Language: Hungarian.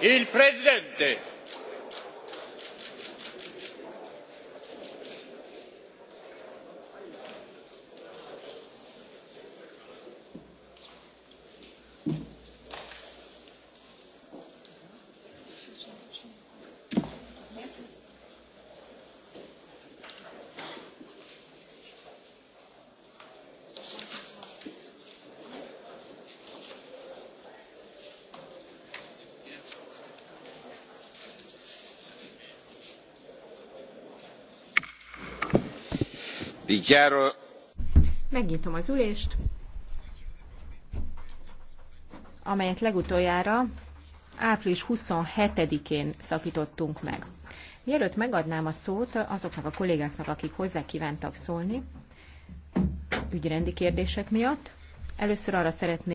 Il Presidente. Dichiaro... Megnyitom az ülést, amelyet legutoljára április 27-én szakítottunk meg. Mielőtt megadnám a szót azoknak a kollégáknak, akik hozzá kívántak szólni, ügyrendi kérdések miatt, először arra szeretném